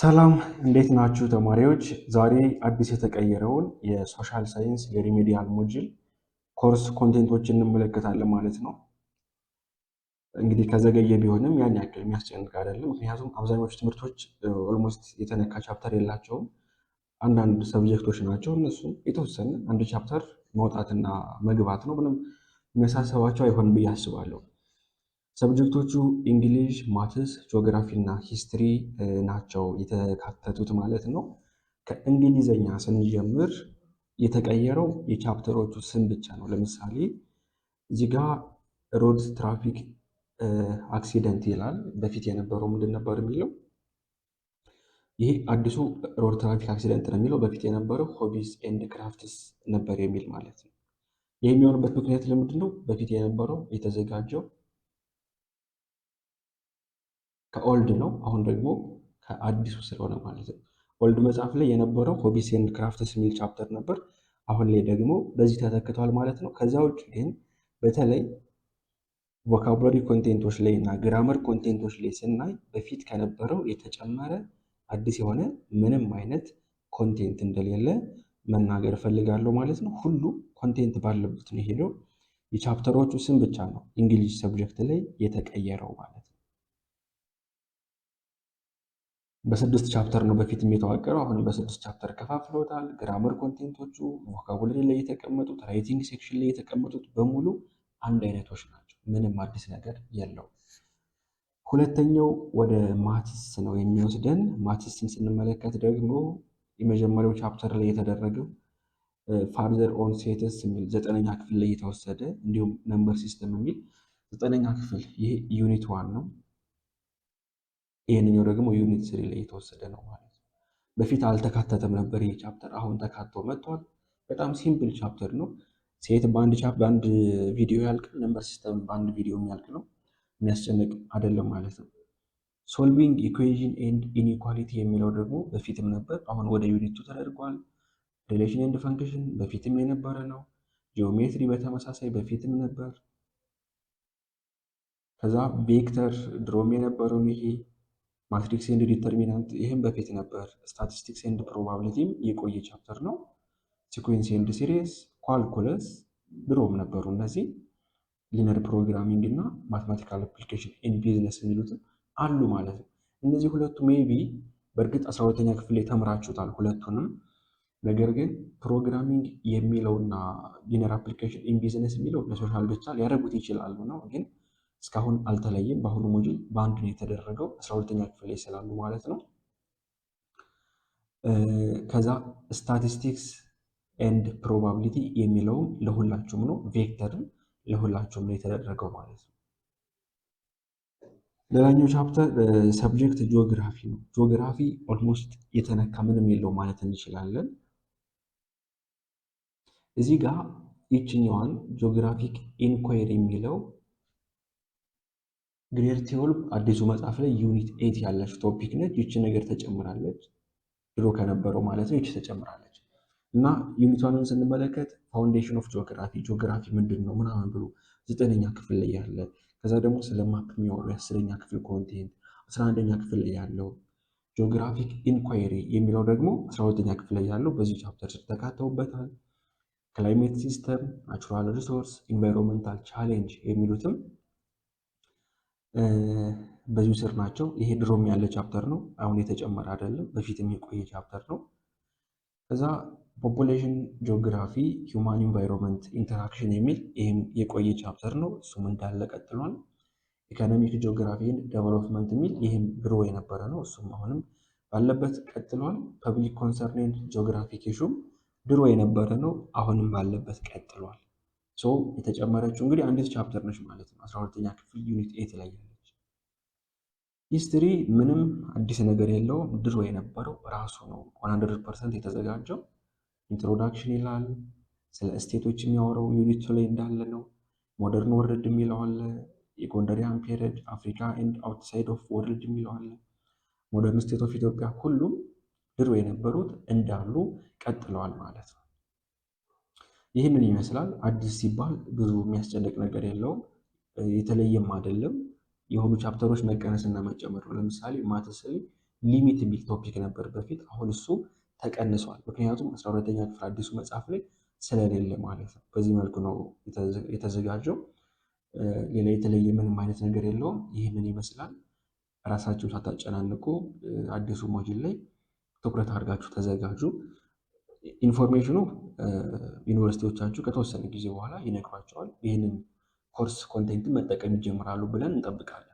ሰላም እንዴት ናችሁ ተማሪዎች? ዛሬ አዲስ የተቀየረውን የሶሻል ሳይንስ የሪሜዲያል ሞጅል ኮርስ ኮንቴንቶች እንመለከታለን ማለት ነው። እንግዲህ ከዘገየ ቢሆንም ያን ያክል የሚያስጨንቅ አይደለም። ምክንያቱም አብዛኞቹ ትምህርቶች ኦልሞስት የተነካ ቻፕተር የላቸውም። አንዳንድ ሰብጀክቶች ናቸው። እነሱ የተወሰነ አንድ ቻፕተር መውጣትና መግባት ነው። ምንም የሚያሳሰባቸው አይሆንም ብዬ አስባለሁ። ሰብጀክቶቹ እንግሊዥ ማትስ፣ ጂኦግራፊ እና ሂስትሪ eh, ናቸው የተካተቱት ማለት ነው። ከእንግሊዘኛ ስንጀምር የተቀየረው የቻፕተሮቹ ስም ብቻ ነው። ለምሳሌ እዚህ ጋ ሮድ ትራፊክ eh, አክሲደንት ይላል። በፊት የነበረው ምንድን ነበር የሚለው? ይሄ አዲሱ ሮድ ትራፊክ አክሲደንት ነው የሚለው። በፊት የነበረው ሆቢስ ኤንድ ክራፍትስ ነበር የሚል ማለት ነው። ይህ የሚሆንበት ምክንያት ለምንድን ነው? በፊት የነበረው የተዘጋጀው ከኦልድ ነው። አሁን ደግሞ ከአዲሱ ስለሆነ ማለት ነው። ኦልድ መጽሐፍ ላይ የነበረው ሆቢስ ኤንድ ክራፍትስ የሚል ቻፕተር ነበር። አሁን ላይ ደግሞ በዚህ ተተክቷል ማለት ነው። ከዛ ውጭ ግን በተለይ ቮካቡላሪ ኮንቴንቶች ላይ እና ግራመር ኮንቴንቶች ላይ ስናይ በፊት ከነበረው የተጨመረ አዲስ የሆነ ምንም አይነት ኮንቴንት እንደሌለ መናገር እፈልጋለሁ ማለት ነው። ሁሉ ኮንቴንት ባለበት ነው የሄደው። የቻፕተሮቹ ስም ብቻ ነው እንግሊዝ ሰብጀክት ላይ የተቀየረው ማለት ነው። በስድስት ቻፕተር ነው በፊት የተዋቀረው። አሁንም በስድስት ቻፕተር ከፋፍለውታል። ግራመር ኮንቴንቶቹ ቮካቡላሪ ላይ የተቀመጡት፣ ራይቲንግ ሴክሽን ላይ የተቀመጡት በሙሉ አንድ አይነቶች ናቸው። ምንም አዲስ ነገር የለውም። ሁለተኛው ወደ ማቲስ ነው የሚወስደን። ማቲስን ስንመለከት ደግሞ የመጀመሪያው ቻፕተር ላይ የተደረገው ፋርዘር ኦን ሴትስ የሚል ዘጠነኛ ክፍል ላይ የተወሰደ እንዲሁም ነምበር ሲስተም የሚል ዘጠነኛ ክፍል ይሄ ዩኒት ዋን ነው። ይህንኛው ደግሞ ዩኒት ስሪ ላይ የተወሰደ ነው ማለት ነው። በፊት አልተካተተም ነበር ይህ ቻፕተር፣ አሁን ተካቶ መጥቷል። በጣም ሲምፕል ቻፕተር ነው። ሴት በአንድ ቻፕ በአንድ ቪዲዮ ያልቅ፣ ነምበር ሲስተም በአንድ ቪዲዮ የሚያልቅ ነው። የሚያስጨንቅ አይደለም ማለት ነው። ሶልቪንግ ኢኩዌዥን ኤንድ ኢኒኳሊቲ የሚለው ደግሞ በፊትም ነበር፣ አሁን ወደ ዩኒቱ ተደርጓል። ሪሌሽን ኤንድ ፈንክሽን በፊትም የነበረ ነው። ጂኦሜትሪ በተመሳሳይ በፊትም ነበር። ከዛ ቬክተር ድሮም የነበረውን ይሄ ማትሪክስ ኤንድ ዲተርሚናንት ይህም በፊት ነበር። ስታቲስቲክስ ኤንድ ፕሮባብሊቲም የቆየ ቻፕተር ነው። ሲኩዌንስ ኤንድ ሲሪስ፣ ኳልኩለስ ድሮም ነበሩ እነዚህ። ሊነር ፕሮግራሚንግ እና ማትማቲካል አፕሊኬሽን ኢን ቢዝነስ የሚሉትም አሉ ማለት ነው። እነዚህ ሁለቱ ሜቢ በእርግጥ አስራ ሁለተኛ ክፍል ላይ ሁለቱንም። ነገር ግን ፕሮግራሚንግ የሚለውና ሊነር አፕሊኬሽን ኢን ቢዝነስ የሚለው ለሶሻል ብቻ ሊያደርጉት ይችላሉ ነው ግን እስካሁን አልተለየም። በአሁኑ ሞጁል በአንድ ነው የተደረገው። አስራ ሁለተኛ ክፍል ላይ ስላሉ ማለት ነው። ከዛ ስታቲስቲክስ ኤንድ ፕሮባቢሊቲ የሚለውም ለሁላችሁም ነው። ቬክተርም ለሁላችሁም ነው የተደረገው ማለት ነው። ሌላኛው ቻፕተር ሰብጀክት ጂኦግራፊ ነው። ጂኦግራፊ ኦልሞስት የተነካ ምንም የለው ማለት እንችላለን። እዚህ ጋር ይችኛዋን ጂኦግራፊክ ኢንኳይሪ የሚለው ግሬድ ቴዎልም አዲሱ መጽሐፍ ላይ ዩኒት ኤት ያለችው ቶፒክ ነች። ይቺ ነገር ተጨምራለች፣ ድሮ ከነበረው ማለት ነው። ይቺ ተጨምራለች እና ዩኒቷንን ስንመለከት ፋውንዴሽን ኦፍ ጂኦግራፊ ጂኦግራፊ ምንድን ነው ምናምን ብሎ ዘጠነኛ ክፍል ላይ ያለ ከዛ ደግሞ ስለ ማፕ የሚያወሩ የአስረኛ ክፍል ኮንቴንት አስራ አንደኛ ክፍል ላይ ያለው ጂኦግራፊክ ኢንኳይሪ የሚለው ደግሞ አስራ ሁለተኛ ክፍል ላይ ያለው በዚህ ቻፕተር ስር ተካተውበታል። ክላይሜት ሲስተም፣ ናቹራል ሪሶርስ፣ ኢንቫይሮንመንታል ቻሌንጅ የሚሉትም በዚሁ ስር ናቸው። ይሄ ድሮም ያለ ቻፕተር ነው። አሁን የተጨመረ አይደለም። በፊትም የቆየ ቻፕተር ነው። ከዛ ፖፑሌሽን ጂኦግራፊ፣ ሂውማን ኢንቫይሮንመንት ኢንተራክሽን የሚል ይህም የቆየ ቻፕተር ነው። እሱም እንዳለ ቀጥሏል። ኢኮኖሚክ ጂኦግራፊን ዴቨሎፕመንት የሚል ይህም ድሮ የነበረ ነው። እሱም አሁንም ባለበት ቀጥሏል። ፐብሊክ ኮንሰርኔን ጂኦግራፊክ ኢሹም ድሮ የነበረ ነው። አሁንም ባለበት ቀጥሏል። ሶ የተጨመረችው እንግዲህ አንዲት ቻፕተር ነች ማለት ነው። አስራ ሁለተኛ ክፍል ዩኒት ኤት ላይ ሂስትሪ ምንም አዲስ ነገር የለውም። ድሮ የነበረው ራሱ ነው 100 የተዘጋጀው። ኢንትሮዳክሽን ይላል ስለ እስቴቶች የሚያወራው ዩኒቱ ላይ እንዳለ ነው። ሞደርን ወርልድ የሚለው አለ። የጎንደሪያን ፔሪድ አፍሪካ ኤንድ አውትሳይድ ኦፍ ወርልድ የሚለው አለ። ሞደርን ስቴት ኦፍ ኢትዮጵያ ሁሉም ድሮ የነበሩት እንዳሉ ቀጥለዋል ማለት ነው። ይህንን ይመስላል። አዲስ ሲባል ብዙ የሚያስጨንቅ ነገር የለውም፣ የተለየም አይደለም። የሆኑ ቻፕተሮች መቀነስና መጨመር ነው። ለምሳሌ ማትስ ላይ ሊሚት የሚል ቶፒክ ነበር በፊት፣ አሁን እሱ ተቀንሷል። ምክንያቱም አስራ ሁለተኛ ክፍል አዲሱ መጽሐፍ ላይ ስለሌለ ማለት ነው። በዚህ መልኩ ነው የተዘጋጀው። ሌላ የተለየ ምንም አይነት ነገር የለውም። ይህንን ይመስላል። ራሳችሁን ሳታጨናንቁ አዲሱ ሞጅል ላይ ትኩረት አድርጋችሁ ተዘጋጁ። ኢንፎርሜሽኑ ዩኒቨርሲቲዎቻችሁ ከተወሰነ ጊዜ በኋላ ይነግሯቸዋል። ይህንን ኮርስ ኮንቴንትን መጠቀም ይጀምራሉ ብለን እንጠብቃለን።